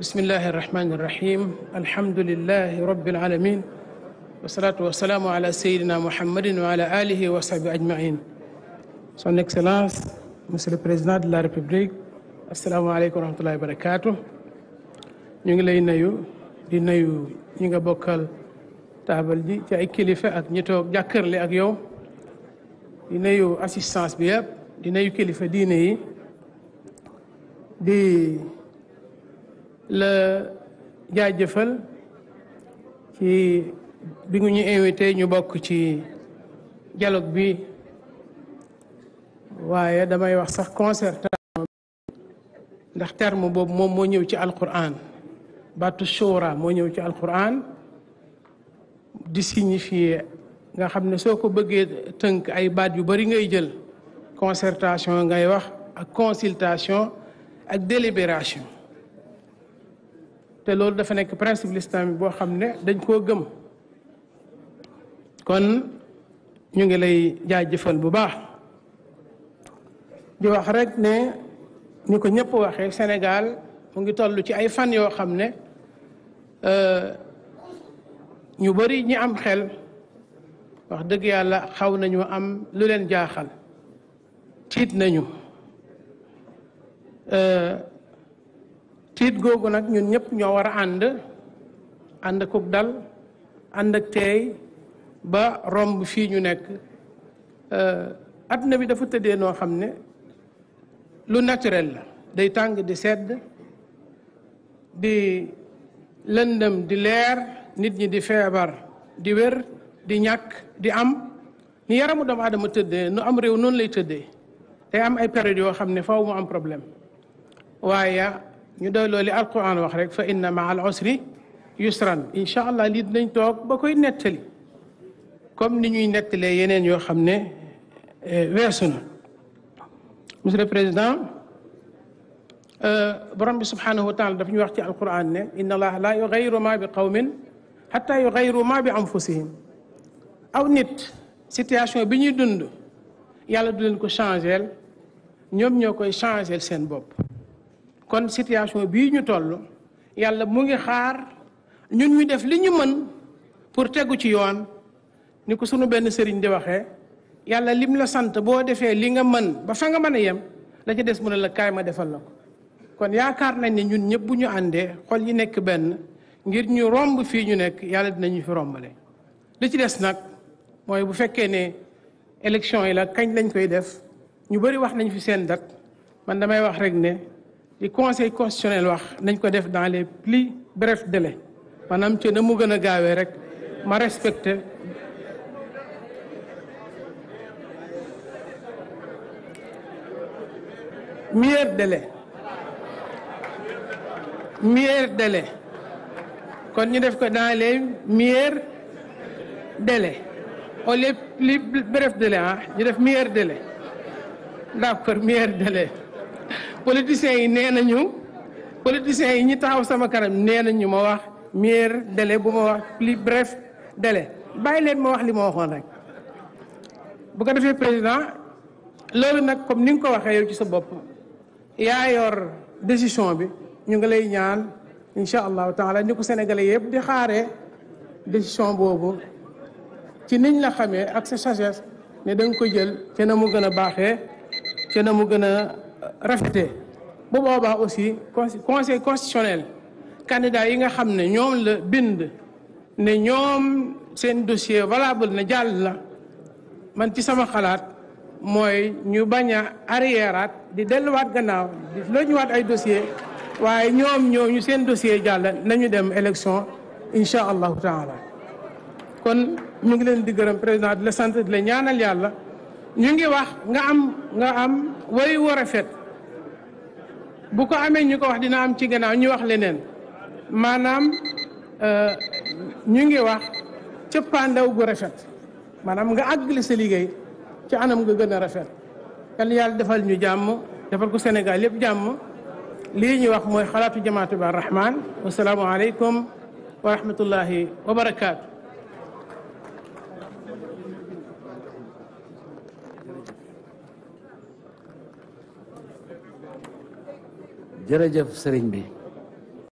بسم الله الرحمن الرحيم الحمد لله رب العالمين والصلاة والسلام على سيدنا محمد وعلى آله وصحبه أجمعين Son Excellence, Monsieur le Président de la République, Assalamu alaikum wa rahmatullahi wa barakatuh. Ñu ngi lay nuyu di nuyu ñi nga bokkal taabal ji ci ay kilifa ak ñi toog jàkkarle ak yow di nuyu assistance bi yëpp di nuyu kilifa diine yi di la jaajëfal ci bi nga ñu invité ñu bokk ci dialogue bi waaye damay wax sax concertation ndax terme boobu moom moo ñëw ci alquran baatu shura moo ñëw ci alquran di signifier nga xam ne soo ko bëggee tënk ay baat yu bari ngay jël concertation ngay wax ak consultation ak délibération te loolu dafa nekk principe l'islam boo xam ne dañ koo gëm kon ñu ngi lay jaajëfal bu baax di wax rek ne ni ko ñëpp waxee Sénégal mu ngi toll ci ay fan yoo xam ne euh, ñu bari ñi am xel wax dëgg yàlla xaw nañu am lu leen jaaxal tiit nañu euh, tiit googu nag ñun ñëpp ñoo war a ànd ànd akuk dal ànd ak teey ba romb fii ñu nekk euh, adduna bi dafa tëddee noo xam ne lu naturel la day tàng di sedd di lëndëm di leer nit ñi di feebar di wér di ñàkk di am ni yaramu doomu aadama tëddee nu am réew noonu lay tëddee day am ay période yoo xam ne faw mu am problème waaye ñu doyloo li alquran wax rek fa inna ma al usri yusran incha allah lii dinañ toog ba koy nettali comme ni ñuy nettalee yeneen yoo xam ne weesu na monsieur le président borom bi subhanahu wa taala daf ñu wax ci alquran ne inna allah la yugayiru ma bi qawmin xatta yugayiru ma bi anfusihim aw nit situation bi ñuy dund yàlla du leen ko changeel ñoom ñoo koy changeel seen bopp kon situation bi ñu toll yàlla mu ngi xaar ñun ñu def li ñu mën pour tegu ci yoon ni ko sunu benn sëriñ di waxee yàlla lim la sant boo defee li nga mën ba fa nga mën a yem la ca des mu ne la kaay ma defal la ko kon yaakaar nañ ne ñun ñëpp bu ñu àndee xol yi nekk benn ngir ñu romb fii ñu nekk yàlla dinañu fi rombale li ci des nag mooy bu fekkee ne élection yi la kañ lañ koy def ñu bëri wax nañ fi seen dat man damay wax rek ne Les conseil constitutionnel wax nañ ko def dans les plus brefs délais manam ci na mu gën a gaawee rek ma respecté meilleur délai meilleur délai kon ñu def ko dans les meilleurs délais au les plus brefs délais ah, ñu def meilleur délai d'accord meilleur délai politiciens yi nee nañu politiciens yi ñu taxaw sama kanam nee nañu ma wax meilleur délai bu ma wax plus bref délai bàyyi leen ma wax li ma waxoon rek bu ko defee président loolu nag comme ni nga ko waxee yow ci sa bopp yaa yor décision bi ñu ngi lay ñaan incha allahu taala ni ko sénégalais yëpp di xaare décision boobu ci niñ la xamee ak sa sagesse ne da ko jël ci na mu gën a baaxee ci na mu gën a rafetee bu boobaa aussi conseil constitutionnel candidat yi nga xam ne ñoom la bind ne ñoom seen dossier valable na jàll na man ci sama xalaat mooy ñu bañ a arriéraat di delluwaat gannaaw di lëñuwaat ay dossier waaye ñoom ñu seen dossier jàll nañu dem élection incha allahu taala kon ñu ngi leen di gërëm président di la sant di la ñaanal yàlla ñu ngi wax nga am nga am way war a bu ko amee ñu ko wax dina am ci gannaaw ñu wax leneen maanaam euh, ñu ngi wax cëppaandaw gu rafet maanaam nga àggale sa liggéey ci anam nga gën a rafet yal yàlla defal ñu jàmm defal ko Sénégal yëpp jàmm lii ñu wax mooy xalaatu jamaatu bi ar rahman wasalaamu aleykum wa rahmatullahi wa barakaatu jërëjëf sëriñ bi